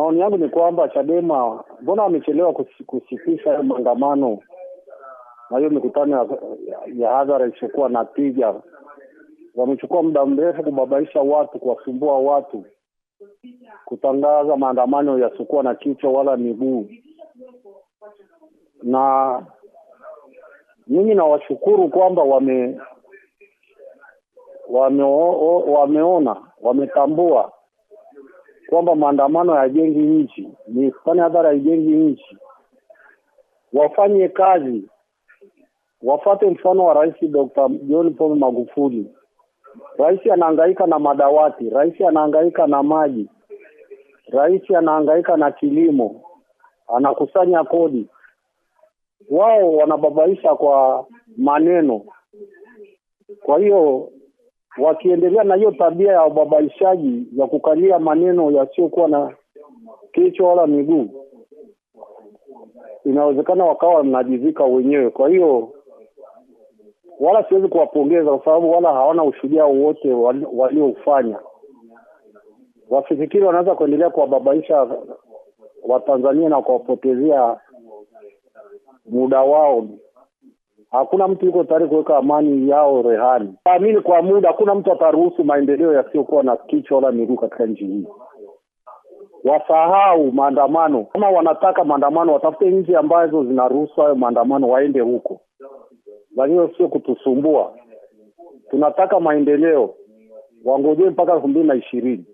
Maoni yangu ni kwamba Chadema mbona wamechelewa kusitisha hayo maandamano na hiyo mikutano ya, ya hadhara isiyokuwa na tija. Wamechukua muda mrefu kubabaisha watu, kuwasumbua watu, kutangaza maandamano yasiokuwa na kichwa wala miguu. Na mimi nawashukuru kwamba wame, wame wametambua kwamba maandamano hayajengi nchi, ni mikutano hadhara haijengi nchi. Wafanye kazi, wafate mfano wa Rais Dr. John Pombe Magufuli. Rais anahangaika na madawati, rais anahangaika na maji, rais anahangaika na kilimo, anakusanya kodi. Wao wanababaisha kwa maneno. Kwa hiyo wakiendelea na hiyo tabia ya ubabaishaji ya kukalia maneno yasiyokuwa na kichwa wala miguu, inawezekana wakawa wanajizika wenyewe. Kwa hiyo wala siwezi kuwapongeza kwa sababu wala hawana ushujaa wowote walioufanya. Wasifikiri wanaweza kuendelea kuwababaisha Watanzania na kuwapotezea muda wao hakuna mtu yuko tayari kuweka amani yao rehani. Naamini kwa muda hakuna mtu ataruhusu maendeleo yasiyokuwa na kichwa wala miguu katika nchi hii. Wasahau maandamano. Kama wanataka maandamano, watafute nchi ambazo zinaruhusu hayo maandamano, waende huko, lakini sio kutusumbua. Tunataka maendeleo, wangojee mpaka elfu mbili na ishirini.